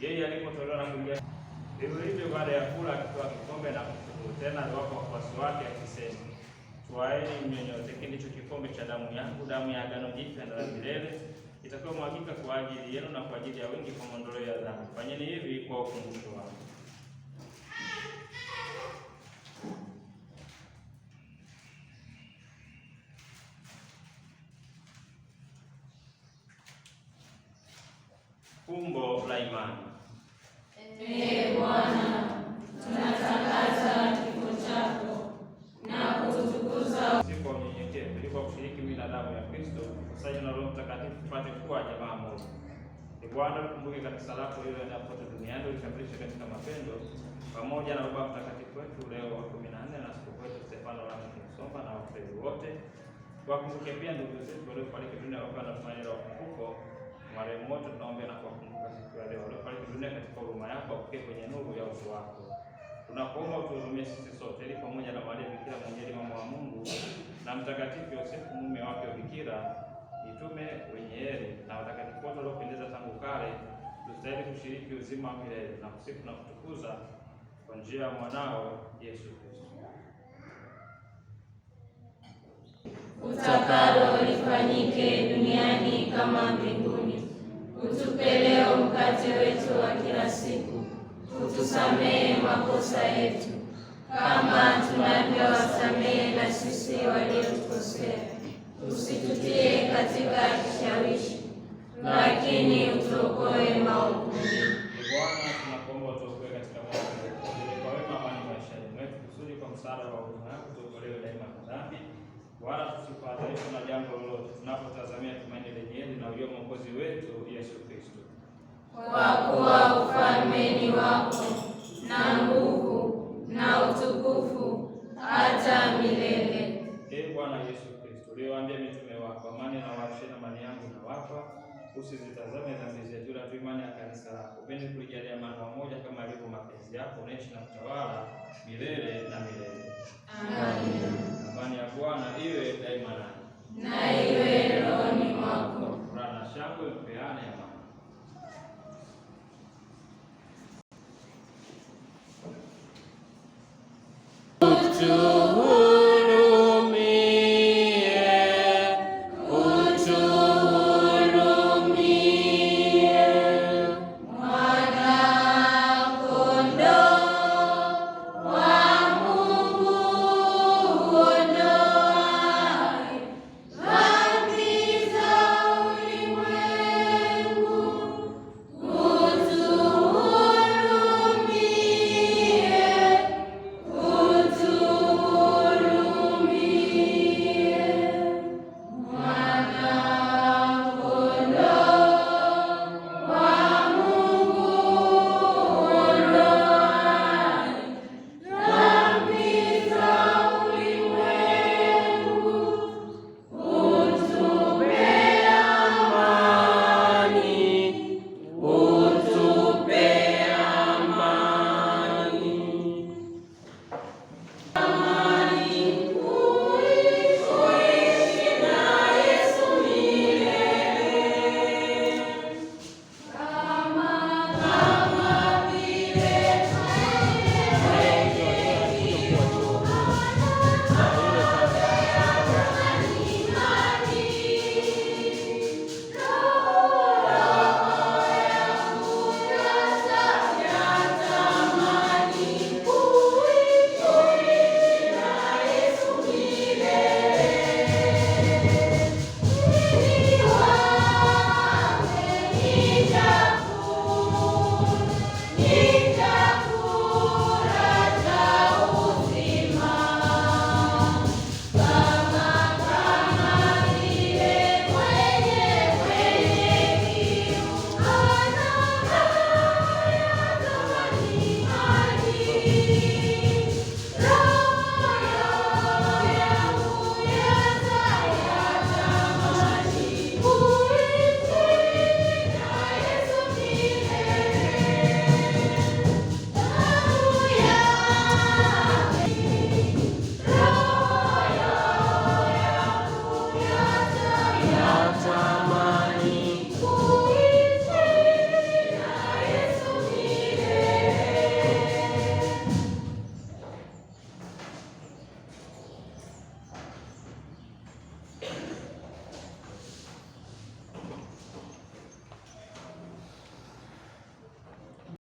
Yeye alipotolewa na kuingia hivyo hivyo, baada ya kula akitoa kikombe na kushukuru tena aliwapa wafuasi wake akisema, twaeni mnyonyote kinicho kikombe cha damu yangu, damu ya agano jipya na la milele itakayomwagika kwa ajili yenu na kwa ajili ya wengi kwa maondoleo ya dhambi. Fanyeni hivi kwa ukumbusho wangu. Fumbo la imani. ili kwa kushiriki mila damu ya Kristo kusanywa na Roho Mtakatifu tupate kuwa jamaa moja. Ni Bwana tukumbuke katika lako lilo eneo pote duniani, ulitambulisha katika mapendo pamoja na Baba Mtakatifu wetu Leo wa kumi na nne na askofu wetu Stefano Lamsomba na wapendwa wote. Wakumbuke pia ndugu zetu waliofariki dunia wakiwa na tumaini la ufufuko, marehemu wote tunaombea na kuwakumbuka siku ya leo, waliofariki dunia katika huruma yako, wakuke kwenye nuru ya uso wako. Tunakuomba utuhurumie sisi sote, ili pamoja na Maria Bikira mwenye mama wa Mungu na Mtakatifu Yosefu mume wake wa Bikira, mitume wenye heri na watakatifu wote waliopendeza tangu kale, tustahili kushiriki uzima wa milele na kusifu na kutukuza kwa njia ya mwanao Yesu Kristo. Utakalo lifanyike duniani kama mbinguni. Utupe leo mkate wetu wa kila siku. Utusamehe makosa yetu kama tunavyowasamehe na sisi waliotukosea, usitutie katika kishawishi, lakini utuokoe maovu. Bwana, tunakuomba utuokoe katika maovu, kwa wema amani maishani mwetu, kusudi kwa msaada wa huruma yako tuokolewe daima na dhambi, wala tusifadhaishwe na jambo lolote, tunapotazamia tumaini lenye na ulio mwokozi wetu Yesu Kristo, kwa kuwa ufalme ni wako na nguvu usizitazame dhambi zetu, ila tuimani ya kanisa lako. Upende kulijalia mana moja kama alivyo mapenzi yako, unaishi na kutawala milele na milele. Amina. Amani ya Bwana iwe daima na